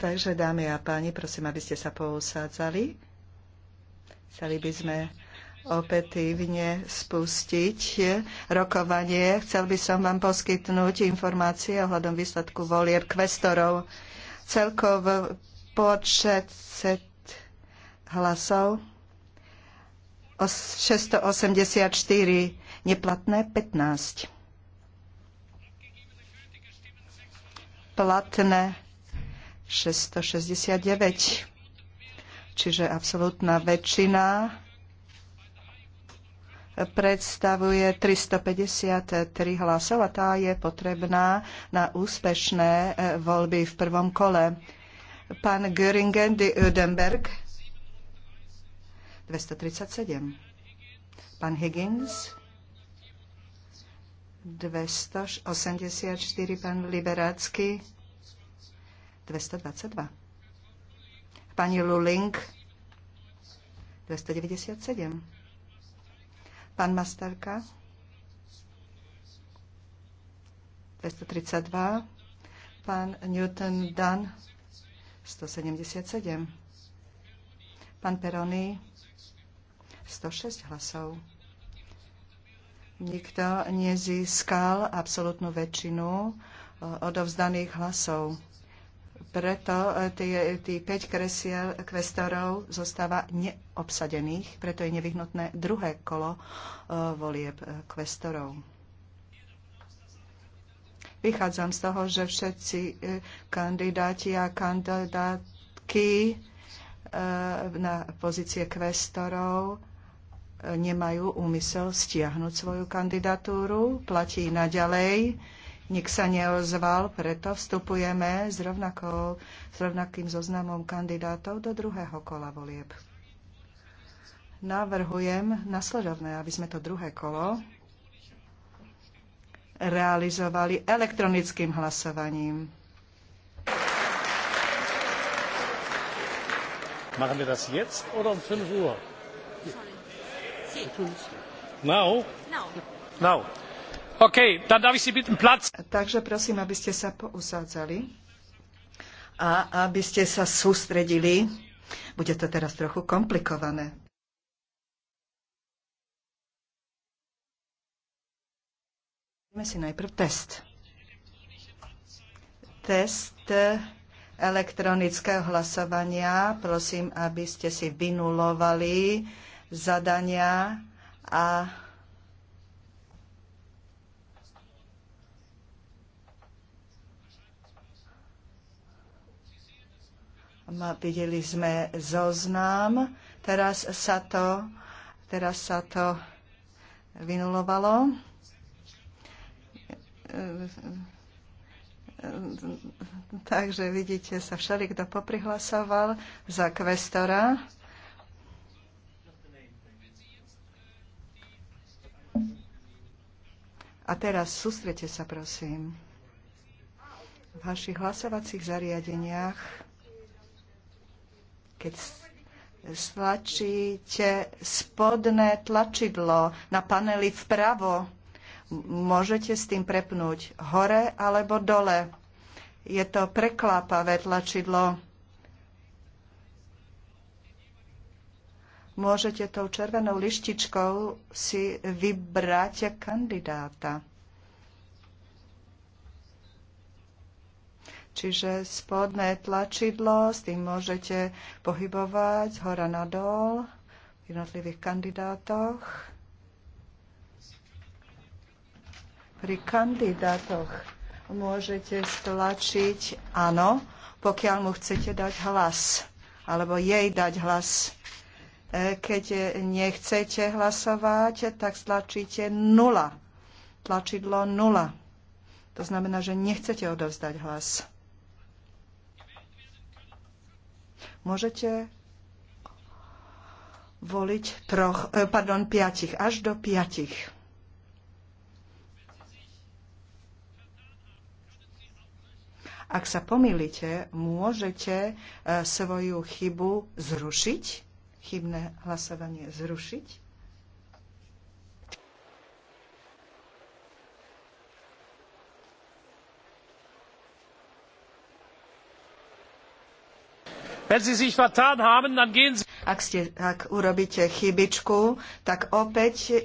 Takže, dámy a páni, prosím, aby ste sa pousádzali. Chceli by sme opetívne spustiť rokovanie. Chcel by som vám poskytnúť informácie ohľadom výsledku volieb kvestorov. Celkov počet hlasov 684, neplatné 15. Platné 669. Čiže absolútna väčšina predstavuje 353 hlasov a tá je potrebná na úspešné e, voľby v prvom kole. Pán Göringen de Udenberg 237. Pán Higgins 284. Pán Liberácky 222. Pani Luling 297. Pán Masterka 232. Pán Newton Dunn 177. Pán Peroni 106 hlasov. Nikto nezískal absolútnu väčšinu eh, odovzdaných hlasov preto e, tých 5 kresiel kvestorov zostáva neobsadených, preto je nevyhnutné druhé kolo e, volieb e, kvestorov. Vychádzam z toho, že všetci kandidáti a kandidátky na pozície kvestorov nemajú úmysel stiahnuť svoju kandidatúru, platí naďalej nik sa neozval, preto vstupujeme s, rovnakou, s rovnakým zoznamom kandidátov do druhého kola volieb. Navrhujem nasledovné, aby sme to druhé kolo realizovali elektronickým hlasovaním. Machen wir das jetzt oder um 5 Uhr? Now? Now. Now. Okay, Takže prosím, aby ste sa pousádzali a aby ste sa sústredili. Bude to teraz trochu komplikované. Robíme si najprv test. Test elektronického hlasovania. Prosím, aby ste si vynulovali zadania a videli sme zoznam, teraz sa to, teraz sa to vynulovalo. Takže vidíte, sa všeli, kto poprihlasoval za kvestora. A teraz sústrete sa, prosím, v vašich hlasovacích zariadeniach. Keď stlačíte spodné tlačidlo na paneli vpravo, môžete s tým prepnúť hore alebo dole. Je to preklápavé tlačidlo. Môžete tou červenou lištičkou si vybrať kandidáta. Čiže spodné tlačidlo, s tým môžete pohybovať z hora na dol v jednotlivých kandidátoch. Pri kandidátoch môžete stlačiť áno, pokiaľ mu chcete dať hlas, alebo jej dať hlas. E, keď nechcete hlasovať, tak stlačíte nula. Tlačidlo nula. To znamená, že nechcete odovzdať hlas. Môžete voliť troch, e, pardon, piatich, až do piatich. Ak sa pomýlite, môžete e, svoju chybu zrušiť, chybné hlasovanie zrušiť. Ak, urobíte chybičku, tak opäť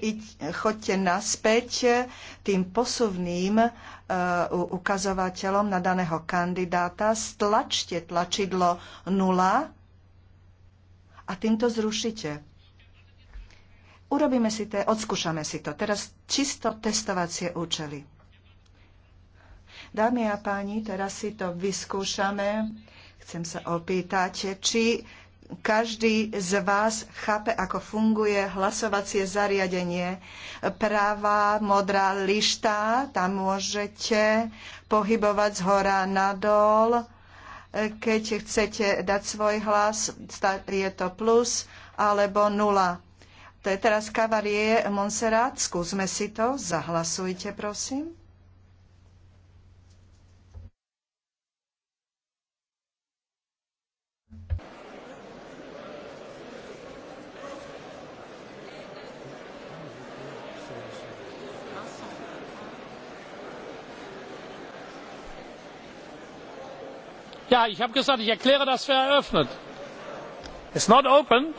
choďte naspäť tým posuvným e, ukazovateľom na daného kandidáta, stlačte tlačidlo 0 a týmto zrušite. Urobíme si to, odskúšame si to. Teraz čisto testovacie účely. Dámy a páni, teraz si to vyskúšame Chcem sa opýtať, či každý z vás chápe, ako funguje hlasovacie zariadenie. Práva modrá lišta, tam môžete pohybovať z hora nadol. Keď chcete dať svoj hlas, je to plus alebo nula. To je teraz kavarie Monserrat. Skúsme si to. Zahlasujte, prosím. Ja, ich habe gesagt, ich erkläre das für eröffnet. It's not open.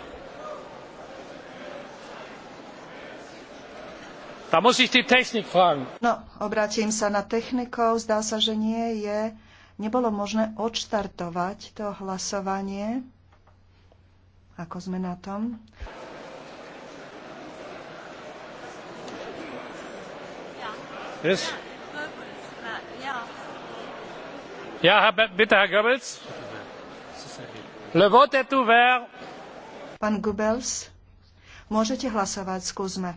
Da muss ich die Technik fragen. No, obrátim sa na technikov. Zdá sa, že nie je. Nebolo možné odštartovať to hlasovanie. Ako sme na tom? Yes. Herr Goebbels. Pán Goebbels, môžete hlasovať, skúsme.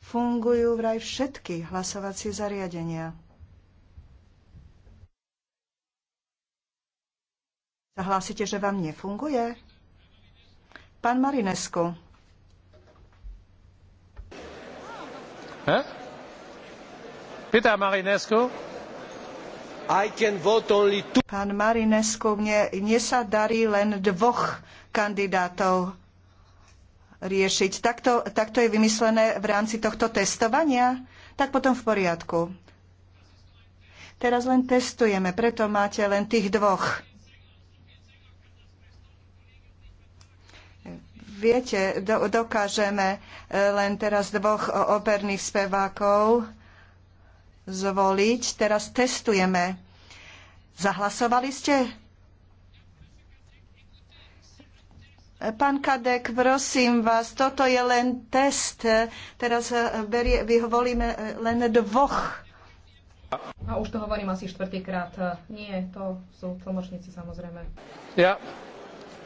Fungujú vraj všetky hlasovacie zariadenia. Zahlásite, že vám nefunguje? Pán marinescu Pán Marinescu, mne, mne sa darí len dvoch kandidátov riešiť. Takto, takto je vymyslené v rámci tohto testovania? Tak potom v poriadku. Teraz len testujeme, preto máte len tých dvoch. Viete, do, dokážeme e, len teraz dvoch e, operných spevákov zvoliť. Teraz testujeme. Zahlasovali ste? Pán Kadek, prosím vás, toto je len test. Teraz e, berie, vyvolíme len dvoch. A už to hovorím asi štvrtýkrát. Nie, to sú tlmočníci samozrejme. Ja.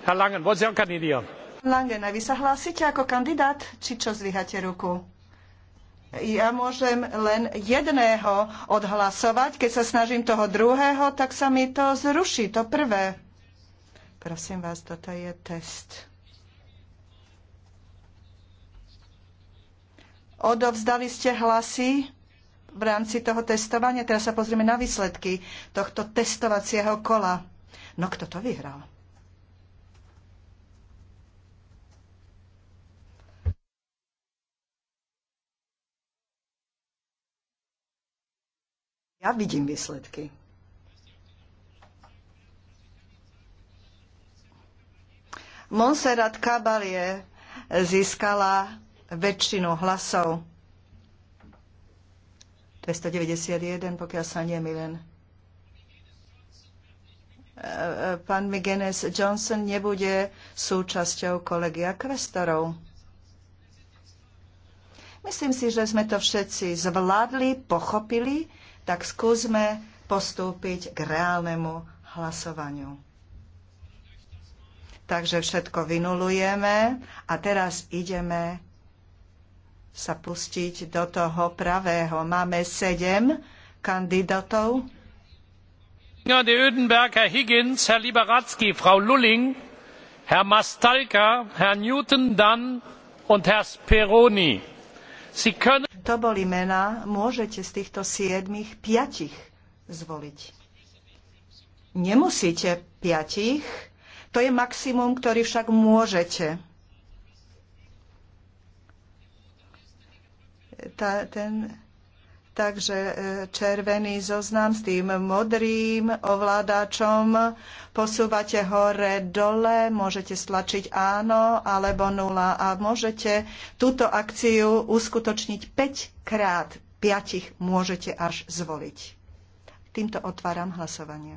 Herr Langen, wollen Sie auch kandidieren? Langena, vy sa hlásite ako kandidát, či čo zvíhate ruku? Ja môžem len jedného odhlasovať. Keď sa snažím toho druhého, tak sa mi to zruší, to prvé. Prosím vás, toto je test. Odovzdali ste hlasy v rámci toho testovania. Teraz sa pozrieme na výsledky tohto testovacieho kola. No kto to vyhral? Ja vidím výsledky. Monserrat Kabalie získala väčšinu hlasov. 291, pokiaľ sa nemýlim. E, e, pán McGuinness Johnson nebude súčasťou kolegia kvestorov. Myslím si, že sme to všetci zvládli, pochopili tak skúsme postúpiť k reálnemu hlasovaniu. Takže všetko vynulujeme a teraz ideme sa pustiť do toho pravého. Máme sedem kandidátov. De Ödenberg, Herr Higgins, Herr Liberatzky, Frau Lulling, Herr Mastalka, Herr Newton Dunn und Herr Speroni. Sie können to boli mená, môžete z týchto siedmých piatich zvoliť. Nemusíte piatich, to je maximum, ktorý však môžete. Tá, ten, Takže e, červený zoznam s tým modrým ovládačom, posúvate hore, dole, môžete stlačiť áno alebo nula a môžete túto akciu uskutočniť 5 krát. 5 môžete až zvoliť. Týmto otváram hlasovanie.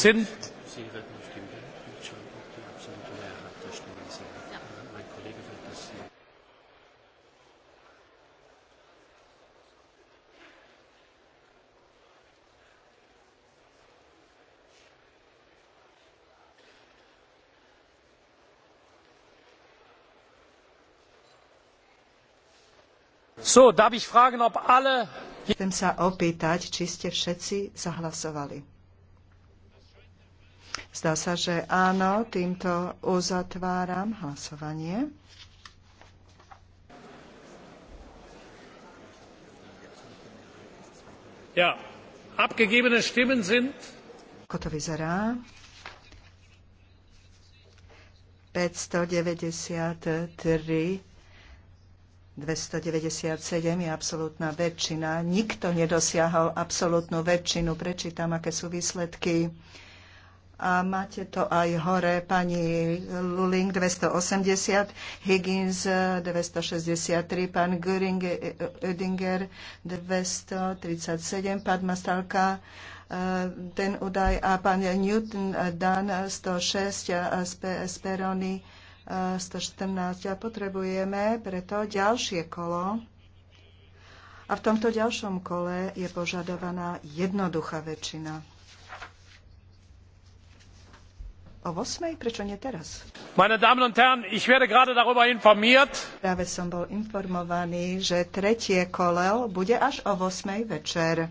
sind So, darf ich fragen, ob alle... Chcem sa opýtať, či ste všetci zahlasovali. Zdá sa, že áno, týmto uzatváram hlasovanie. Ja, abgegebene Stimmen sind. Ako to vyzerá? 593 297 je absolútna väčšina. Nikto nedosiahol absolútnu väčšinu. Prečítam, aké sú výsledky a máte to aj hore pani Luling 280, Higgins 263, pán Göring, eh, Oedinger 237, pán Mastalka eh, ten údaj a pán Newton eh, Dan 106 a Sperony 114 a potrebujeme preto ďalšie kolo. A v tomto ďalšom kole je požadovaná jednoduchá väčšina. O 8. Prečo nie teraz? Meine Damen und Herren, ich werde gerade darüber informiert. Práve som bol informovaný, že tretie kole bude až o 8. večer.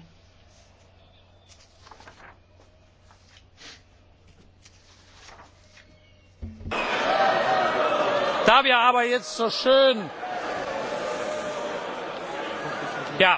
Da wir aber jetzt so schön ja,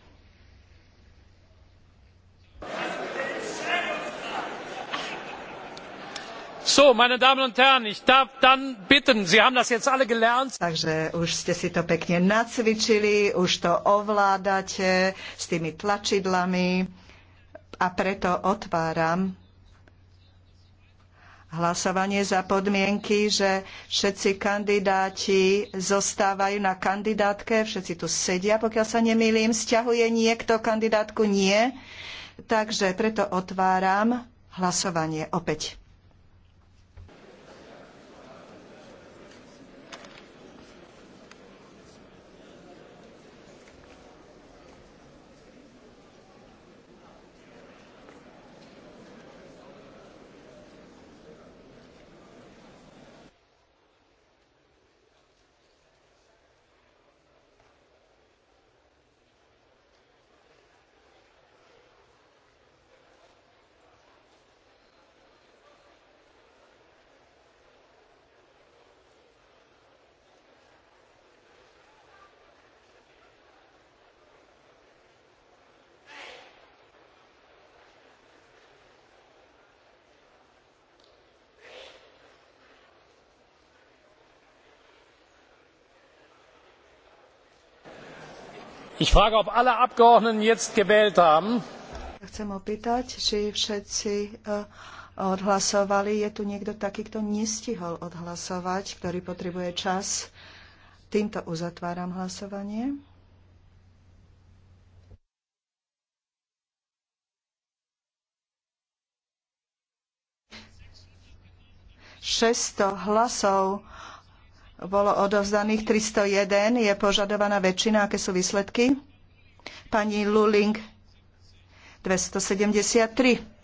meine Damen und Herren, ich darf dann bitten, Sie haben das jetzt alle gelernt. Takže už ste si to pekne nacvičili, už to ovládate s tými tlačidlami a preto otváram hlasovanie za podmienky, že všetci kandidáti zostávajú na kandidátke, všetci tu sedia, pokiaľ sa nemýlim, stiahuje niekto kandidátku, nie. Takže preto otváram hlasovanie opäť. ich frage ob alle abgeordneten jetzt gewählt haben. chcem opýtať či všetci eh, odhlasovali je tu niekto taký kto nestihol odhlasovať ktorý potrebuje čas týmto uzatváram hlasovanie šesťsto hlasov bolo odovzdaných 301. Je požadovaná väčšina. Aké sú výsledky? Pani Luling 273.